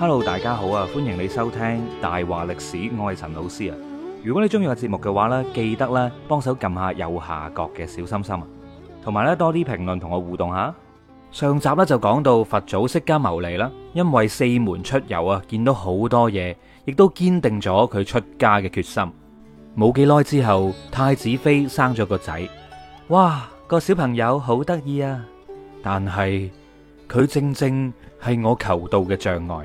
Hello，大家好啊！歡迎你收聽大話歷史，我係陳老師啊。如果你中意個節目嘅話呢，記得咧幫手撳下右下角嘅小心心啊，同埋咧多啲評論同我互動下。上集咧就講到佛祖釋迦牟尼啦，因為四門出遊啊，見到好多嘢，亦都堅定咗佢出家嘅決心。冇幾耐之後，太子妃生咗個仔，哇，個小朋友好得意啊！但係佢正正係我求道嘅障礙。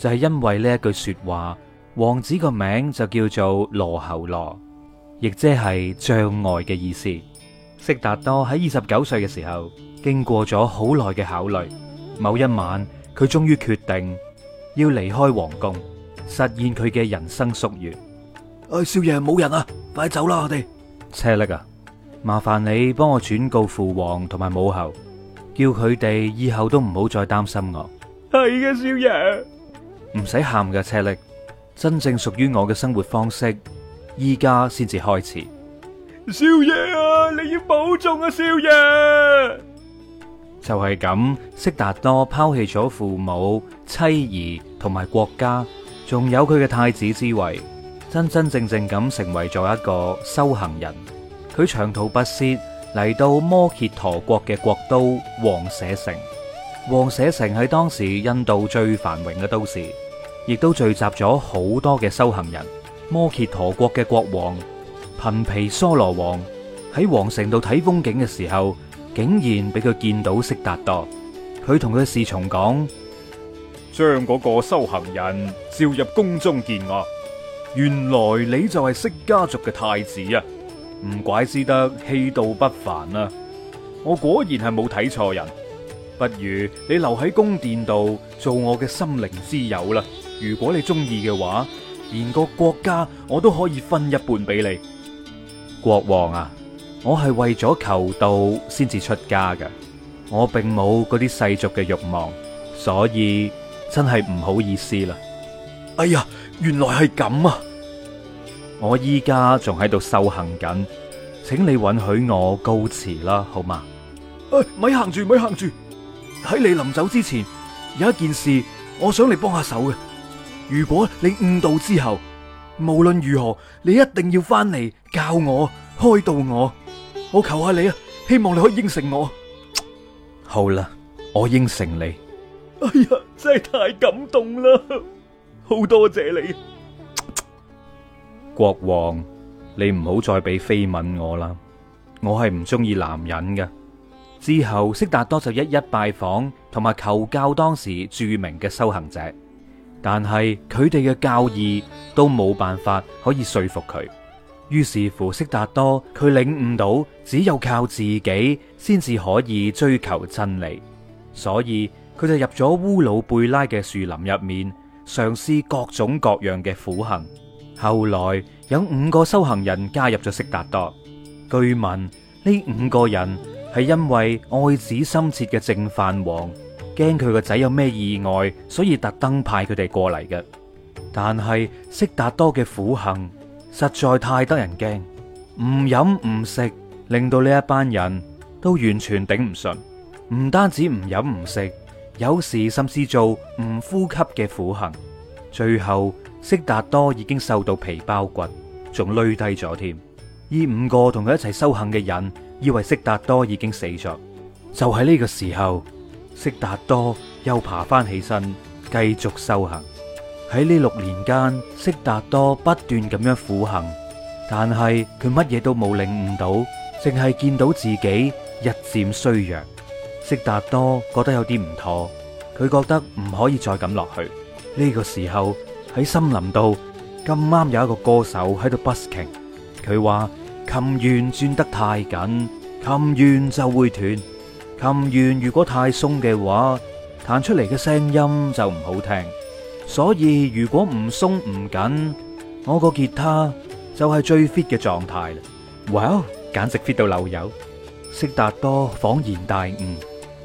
就係因為呢一句說話，王子個名就叫做羅喉羅，亦即係障礙嘅意思。悉達多喺二十九歲嘅時候，經過咗好耐嘅考慮，某一晚佢終於決定要離開皇宮，實現佢嘅人生夙願。誒、哎，少爺冇人啊，快走啦，我哋車力啊，麻煩你幫我轉告父皇同埋母后，叫佢哋以後都唔好再擔心我。係嘅，少爺。唔使喊嘅車力，真正屬於我嘅生活方式，依家先至開始。少爺啊，你要保重啊，少爺。就係咁，悉達多拋棄咗父母、妻兒同埋國家，仲有佢嘅太子之位，真真正正咁成為咗一個修行人。佢長途跋涉嚟到摩揭陀國嘅國都王舍城。王舍城喺當時印度最繁榮嘅都市，亦都聚集咗好多嘅修行人。摩揭陀國嘅國王頻毗娑羅王喺王城度睇風景嘅時候，竟然俾佢見到悉達多。佢同佢侍從講：將嗰個修行人召入宮中見我。原來你就係釋迦族嘅太子啊！唔怪之得氣度不凡啦，我果然係冇睇錯人。不如你留喺宮殿度做我嘅心靈之友啦。如果你中意嘅話，連個國家我都可以分一半俾你。國王啊，我係為咗求道先至出家㗎，我並冇嗰啲世俗嘅欲望，所以真係唔好意思啦。哎呀，原來係咁啊！我依家仲喺度修行緊，請你允許我告辭啦，好嗎？誒，咪行住，咪行住。喺你臨走之前，有一件事我想你幫下手嘅。如果你悟道之後，無論如何，你一定要翻嚟教我、開導我。我求下你啊，希望你可以應承我。好啦，我應承你。哎呀，真係太感動啦，好多謝你。國王，你唔好再俾飛吻我啦，我係唔中意男人嘅。之後，悉達多就一一拜訪同埋求教當時著名嘅修行者，但係佢哋嘅教義都冇辦法可以說服佢。於是乎，悉達多佢領悟到，只有靠自己先至可以追求真理，所以佢就入咗烏魯貝拉嘅樹林入面，嘗試各種各樣嘅苦行。後來有五個修行人加入咗悉達多，據聞呢五個人，係因為愛子心切嘅淨飯王驚佢個仔有咩意外，所以特登派佢哋過嚟嘅。但係悉達多嘅苦行實在太得人驚，唔飲唔食，令到呢一班人都完全頂唔順。唔單止唔飲唔食，有時甚至做唔呼吸嘅苦行。最後悉達多已經瘦到皮包骨，仲累低咗添。而五個同佢一齊修行嘅人，以為悉達多已經死咗，就喺呢個時候，悉達多又爬翻起身，繼續修行。喺呢六年間，悉達多不斷咁樣苦行，但係佢乜嘢都冇領悟到，淨係見到自己日漸衰弱。悉達多覺得有啲唔妥，佢覺得唔可以再咁落去。呢個時候喺森林度，咁啱有一個歌手喺度 busking，佢話。琴弦轉得太緊，琴弦就會斷；琴弦如果太鬆嘅話，彈出嚟嘅聲音就唔好聽。所以如果唔鬆唔緊，我個吉他就係最 fit 嘅狀態啦。哇簡直 fit 到漏油。悉達多恍然大悟，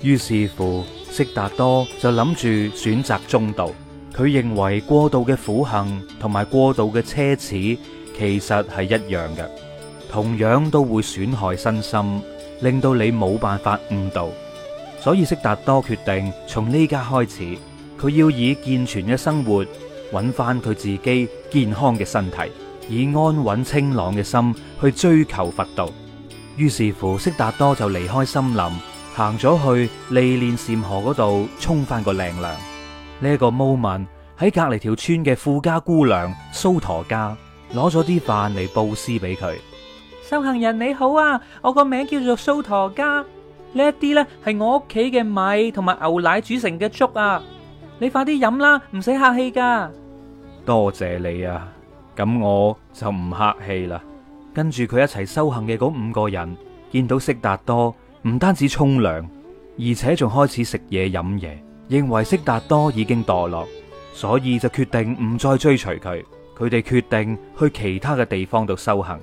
於是乎悉達多就諗住選擇中道。佢認為過度嘅苦行同埋過度嘅奢侈其實係一樣嘅。同樣都會損害身心，令到你冇辦法悟道。所以悉達多決定從呢家開始，佢要以健全嘅生活揾翻佢自己健康嘅身體，以安穩清朗嘅心去追求佛道。於是乎，悉達多就離開森林，行咗去尼連禪河嗰度沖翻個靚涼。呢、這個 moment 喺隔籬條村嘅富家姑娘蘇陀家攞咗啲飯嚟布施俾佢。修行人你好啊，我個名叫做蘇陀家。呢一啲呢係我屋企嘅米同埋牛奶煮成嘅粥啊，你快啲飲啦，唔使客氣噶。多謝你啊，咁我就唔客氣啦。跟住佢一齊修行嘅嗰五個人見到悉達多唔單止沖涼，而且仲開始食嘢飲嘢，認為悉達多已經墮落，所以就決定唔再追隨佢。佢哋決定去其他嘅地方度修行。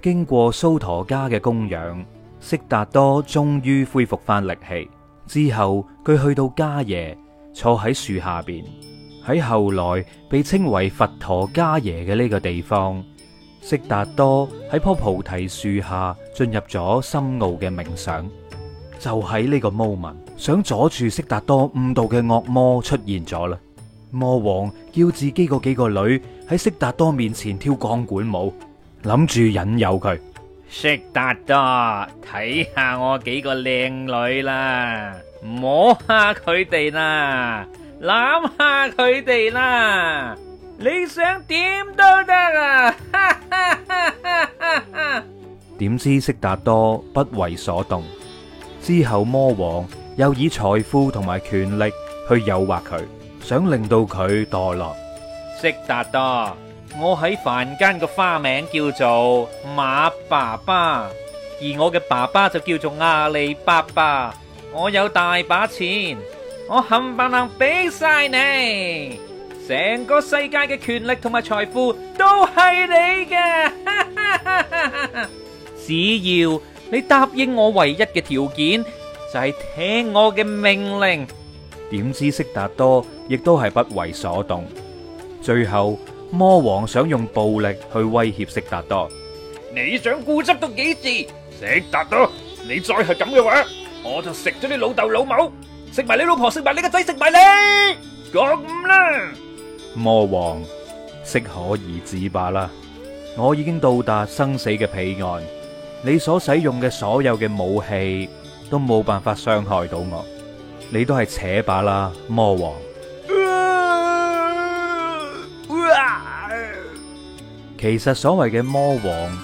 經過蘇陀家嘅供養，悉達多終於恢復翻力氣。之後佢去到迦耶，坐喺樹下邊，喺後來被稱為佛陀迦耶嘅呢個地方，悉達多喺棵菩提樹下進入咗深奧嘅冥想。就喺呢個 moment，想阻住悉達多悟道嘅惡魔出現咗啦。魔王叫自己嗰幾個女喺悉達多面前跳鋼管舞。諗住引誘佢，悉達多，睇下我幾個靚女啦，摸下佢哋啦，攬下佢哋啦，你想點都得啊！哈哈哈哈。點知悉達多不為所動，之後魔王又以財富同埋權力去誘惑佢，想令到佢墮落。悉達多。我喺凡間嘅花名叫做馬爸爸，而我嘅爸爸就叫做阿里巴巴。我有大把錢，我冚唪唥俾晒你，成個世界嘅權力同埋財富都係你嘅。 只要你答應我唯一嘅條件，就係、是、聽我嘅命令。點知悉達多亦都係不為所動，最後。魔王想用暴力去威脅悉達多。你想固執到幾時？悉達多，你再係咁嘅話，我就食咗你老豆老母，食埋你老婆，食埋你個仔，食埋你，咁啦？魔王，適可而止罷啦。我已經到達生死嘅彼岸，你所使用嘅所有嘅武器都冇辦法傷害到我，你都係扯把啦，魔王。其實所謂嘅魔王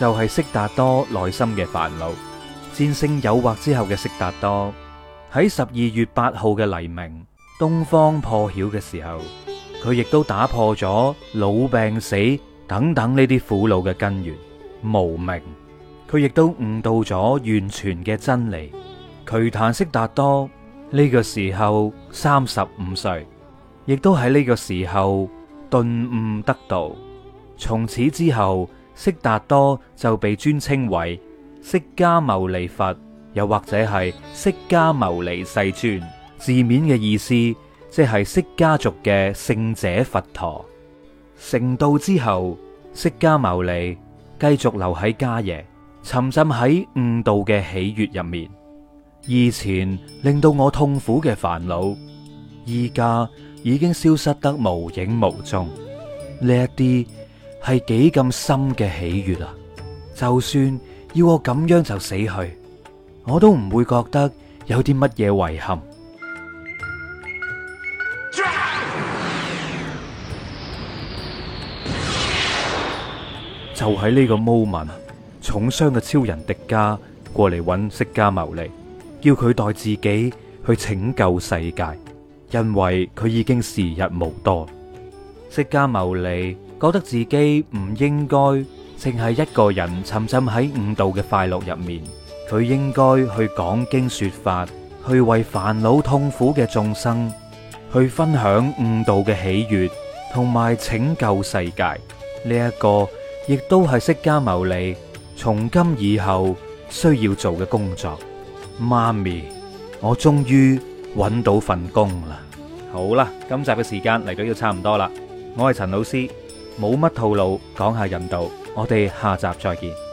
就係悉達多內心嘅煩惱，戰勝誘惑之後嘅悉達多喺十二月八號嘅黎明，東方破曉嘅時候，佢亦都打破咗老病死等等呢啲苦惱嘅根源無明。佢亦都悟到咗完全嘅真理。俱談悉達多呢個時候三十五歲，亦都喺呢個時候頓悟得道。從此之後，悉達多就被尊稱為釋迦牟尼佛，又或者係釋迦牟尼世尊。字面嘅意思即係釋迦族嘅聖者佛陀。成道之後，釋迦牟尼繼續留喺伽耶，沉浸喺悟道嘅喜悅入面。以前令到我痛苦嘅煩惱，而家已經消失得無影無蹤。呢一啲。係幾咁深嘅喜悅啊！就算要我咁樣就死去，我都唔會覺得有啲乜嘢遺憾。 就喺呢個 moment，重傷嘅超人迪迦過嚟揾釋迦牟尼，叫佢代自己去拯救世界，因為佢已經時日無多。釋迦牟尼。覺得自己唔應該淨係一個人沉浸喺悟道嘅快樂入面，佢應該去講經說法，去為煩惱痛苦嘅眾生去分享悟道嘅喜悅，同埋拯救世界。呢一個亦都係釋迦牟尼從今以後需要做嘅工作。媽咪，我終於揾到份工啦！好啦，今集嘅時間嚟到要差唔多啦，我係陳老師。冇乜套路，講下印度，我哋下集再見。